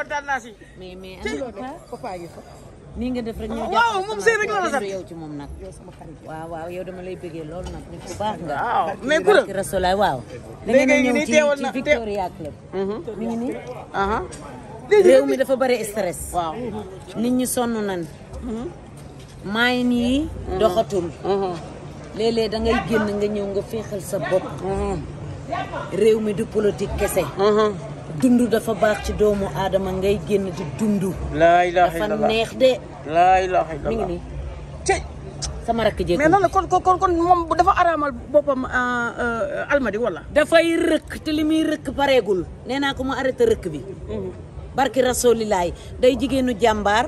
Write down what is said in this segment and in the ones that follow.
kontaan naa si. mais ah, nii nga def rek ñu waaw moom yow ci moom nag. waaw waaw yow dama lay bëggee lool nag nit ku baax nga. waaw mais kuréel barki waaw. da ñëw mhm. mi ngi nii. réew mi dafa bari stress. waaw ñi sonn nañ. Mhm. maayin yi mhm. doxatul. léeg-léeg da ngay génn nga ñëw nga féexal sa bopp. réew mi du politique kese. dund dafa baax ci doomu aadama ngay génn di dund laa ilaaha illallaah dafa neex de laa ilaaha illallaah mi ngi sama rakk jéeg mais nan la kon kon moom dafa araamal boppam euh, euh, almadi wala dafay rëkk te li muy rëkk bareegul nee naa ko mu arrêté rëkk bi mhm. barki rasulilaay day jigéenu jàmbaar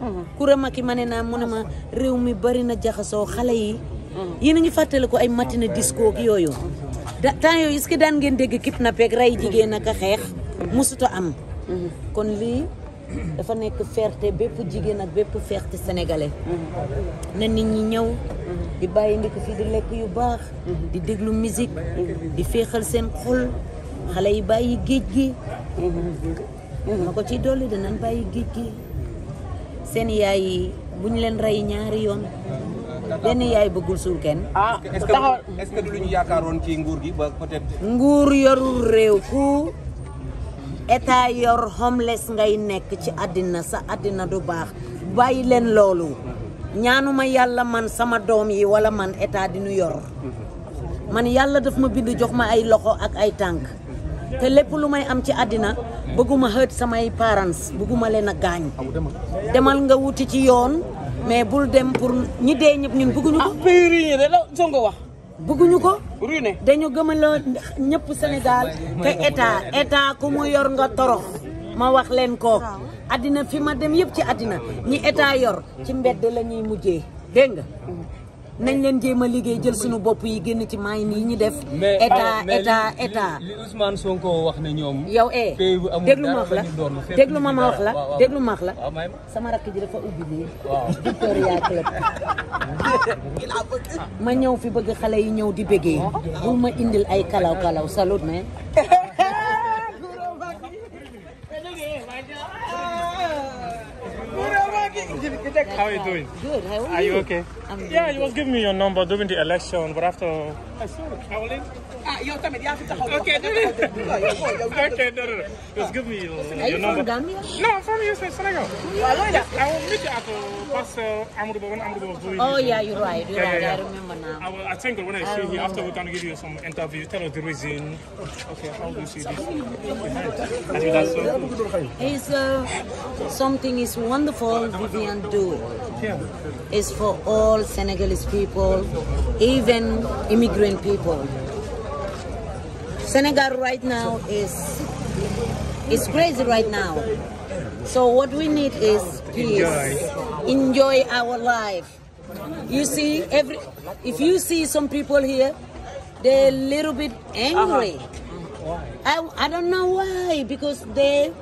mhm. kura maki ma ne naa mu ne ma réew mi bari na jaxasoo xale yi mhm. yéen a ngi fàttaliku ay matina disco yooyu da temps yooyu est-ce daan ngeen dégg kidnappé ak rey jigéen ak a xeex. musuta am. kon lii dafa nekk ferte bépp jigéen ak bépp fierté sénégalais. na nit ñi ñëw. di bàyyi ndik fii di lekk yu baax. di déglu musique. di féexal seen xol. xale yi bàyyi géej gi. ma ko ci dolli danañ bàyyi géej gi. seen yaay yi bu ñu leen rey ñaari yoon. benn yaay bëggul suul kenn. ah taxaw est-ce que du lu ñu yaakaaroon ci nguur gi ba peut-être. nguur yorul réew ku état yor homeless ngay nekk ci àddina sa àddina du baax bàyyi leen loolu ñaanuma yàlla man sama doom yi wala man état dinu yor man yàlla daf ma bind jox ma ay loxo ak ay tànk te lépp lu may am ci àddina bëgguma hurt samay parents bëgguma leen a gaañ demal nga wuti ci yoon mais bul dem pour ñi dee ñëpp ñun bëgguñu ko. ah la Sonko wax. bëgguñu ko. ruiné dañu gëm la ñëpp Sénégal te état état ku mu yor nga torox ma wax leen ko. addina fi ma dem yëpp ci addina ñi état yor ci mbedd la ñuy mujjee dégg nañ leen jéem a liggéey jël suñu bopp yi génn ci mine yi ñu def. état état état li yow eh déglu ma wax la déglu ma ma wax la déglu ma sama rakk ji dafa ubbi nii. ma ñëw fi bëgg xale yi ñëw di bëggee bul ma indil ay kalaw kalaw salut mais. How are you doing? Good. How are, are you? you okay? I'm yeah, you was giving me your number during the election, but after I saw it calling. ah yow tamit yaa fi taxaw. ok just give me uh, your number. no from you say Senegal. I will meet you at past Amadou Ba when Amadou Ba was. oh yeah you're right you're right I remember now. I will I think when I see you after we can give you some interview tell us the reason. okay how do you see this. I think that's so cool. it's uh, something is wonderful Vivian do. Yeah. It's for all Senegalese people even immigrant people. Senegal right now is crazy right now. So what we need is peace. Enjoy, our life. You see, every if you see some people here, they're a little bit angry. I, don't know why, because they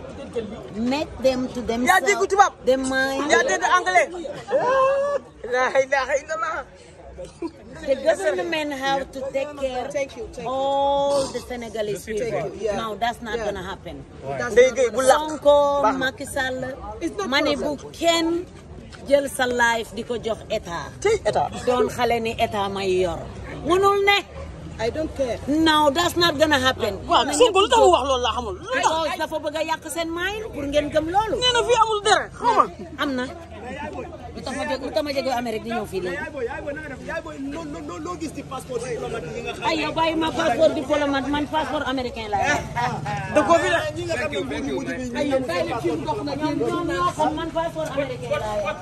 make them to themselves, their mind. the government have to take care take you, take you. all the Senegalese people. Yeah. Now that's not yeah. gonna happen. Sonko Macky Sall ma ne bu kenn jël sa life di ko jox état. doon xale ni état may yor mënul ne. I don't care. no that's not gonna happen. waaw Sonko lu tax wax loolu laa xamul. lu tax dafa bëgg a yàq seen maay pour gëm loolu. nee na amul dara xaw am na. lu tax ma jóg ma jógee Amérique di ñëw fii léegi. loo gis ci passeport diplomate yi nga xam ma passeport da ko fi la. ay yow bàyyi ci ndox na ñoom ñoom ñoo xam man passeport américain laa yor.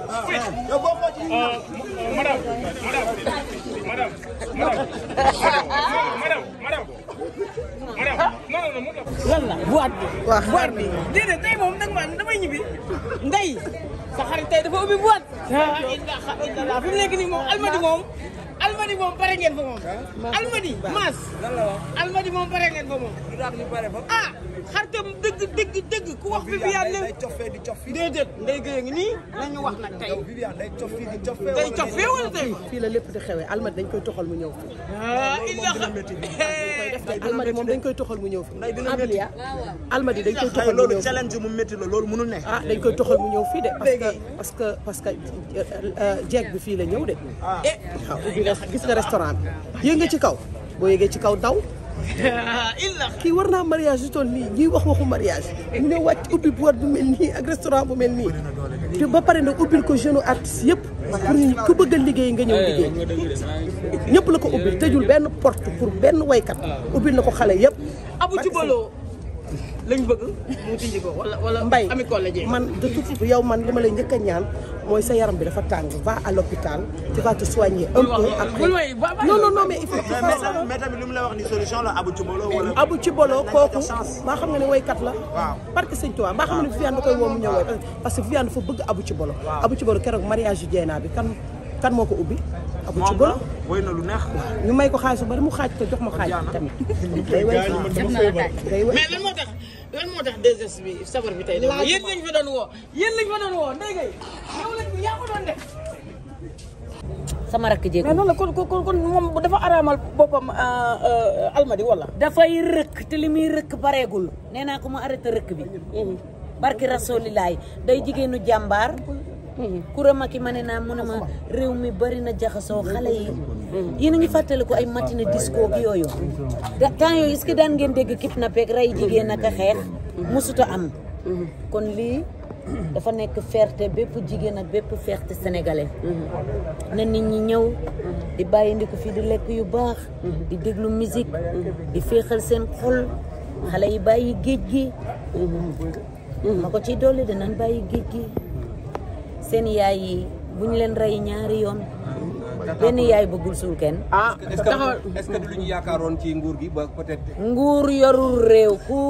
Ah, ah, lan la boîte bi. waaw xaar bi déedéet tey moom nag man damay ñibbi. ndey sa xarit tey dafa ubbi boîte. ah incha allah fi mu nekk nii moom almadi moom. almadi moom bare ngeen fa moom. almadi la wax almadi moom bare ngeen fa moom. lu tax ñu bare fa. ah xaritam dëgg wax Viviane ne. day cof fee ngi nii nañu wax nag tey. Viviane day cof fii di cof fee. day cof fee dañ koy toxal mu ñëw fii. ah il a xam almadi moom dañ koy toxal mu ñëw fii. Ablia almadi dañ koy toxal mu ñëw fii. Ah, ah. loolu challenge mu métti loolu mënul ne. ah dañ koy toxal mu ñëw fii de parce que parce que parce que euh, euh, jeeg bi fii la ñëw de. Ah. Eh, gis nga restaurant bi yéeg nga ci kaw boo yéegee ci kaw daw kii war naa mariage yi toll nii ñuy wax waxu mariage mu ne wàcc ubbi boîte bu mel nii ak restaurant bu mel nii te ba pare nag ubbil ko jeune artiste yëpp pour ñu ku bëgg a liggéey nga ñëw liggéey ñëpp la ko ubbil tëjul benn porte pour benn waykat ubbil na ko xale yëpp lañ bëgg mu wala wala. mbay man de tout yow man li ma lay njëkk a ñaan mooy sa yaram bi dafa tàng va à l'hôpital tu vas te soigner un peu après non non non mais il lu mu la wax ni solution la Abou Cibolo wala. Abou Cibolo kooku maa xam nga ne kat la. waaw parce que sëñ Tuubaa maa xam ne Viviane da koy woo mu ñëw parce que Viviane dafa bëgg Abou Cibolo. waaw Abou Cibolo keroog mariage yu bi kan kan moo ko ubbi. amu ci góor wéy na lu neex. ñu may ko xaalis bu bari mu xaaj ko jox ma xaaj tamit. day wéy jot na la taaj mais lan moo tax lan moo tax des bi sabar bi tey. laaj yéen lañ fa doon woo yéen lañ fa doon woo ndey gay yow lañ fi yaa ko doon def. sama rakk jéego mais noonu la kon kon kon moom dafa araamal boppam euh, euh, almadi wala. dafay rëkk te li muy rëkk bareegul nee naa ko mu arrêté rëkk bi. Mhm. barki rasulilaay day jigéenu jàmbaar. Hmm. kura Macky ma ne naa mu ne ma réew mi bari na jaxasoo xale yi hmm. yi a ngi fàttaliku ay matinée disco ak yooyu da temps yooyu est-ce daan ngeen dégg kidnappé ak rey jigéen ak a xeex hmm. musuta am kon lii dafa nekk fierté bépp jigéen ak bépp fierté sénégalais na nit ñi ñëw di bàyyi ndiku fii di lekk yu baax di déglu musique di féexal seen xol xale yi bàyyi géej gi ma ko ciy dolli dinañ bàyyi géej gi seen yaay yi bu ñu leen rey ñaari yoon benn yaay bëggul suul kenn. ah est-ce ci nguur gi ba peut-être. nguur yorul réew ku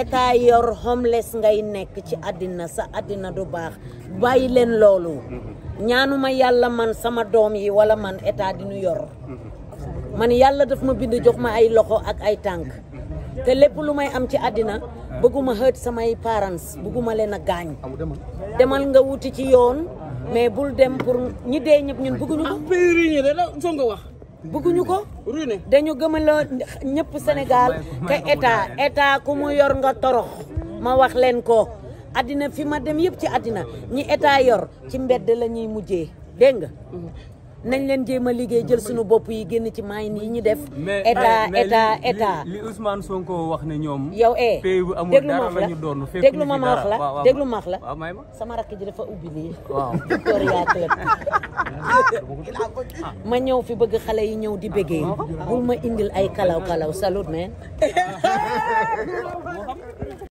état yor homeless ngay nekk ci àddina sa àddina du baax bàyyi leen loolu. Mhm. ñaanuma yàlla man sama doom yi walla man état di ñu yor. Mhm. man yàlla daf ma bind jox ma ay loxo ak ay tànk. te lépp lu may am ci àddina bëgguma hurt samay parence bëgguma leen a gaañ demal nga wuti ci yoon mais bul dem pour ñi dee ñëpp ñun bëgguñu ko ruiné de la Sonko wax bëgguñu ko ruiné dañu gëmaloo ñëpp Sénégal te état état ku mu yor nga torox ma wax leen ko addina fi ma dem yëpp ci addina ñi état yor ci mbedd la ñuy mujjee dégg nga mhm. nañ leen jéem a liggéey jël suñu bopp yi génn ci mine yi ñu def. état état état li Ousmane Sonko wax ne ñoom. yow eh déglu ma wax la déglu ma wax la sama rakk ji dafa ubbi lii. waaw Victoria ma ñëw fi bëgg xale yi ñëw di bëggee ah, bul ma indil ay kalaw kalaw salut man.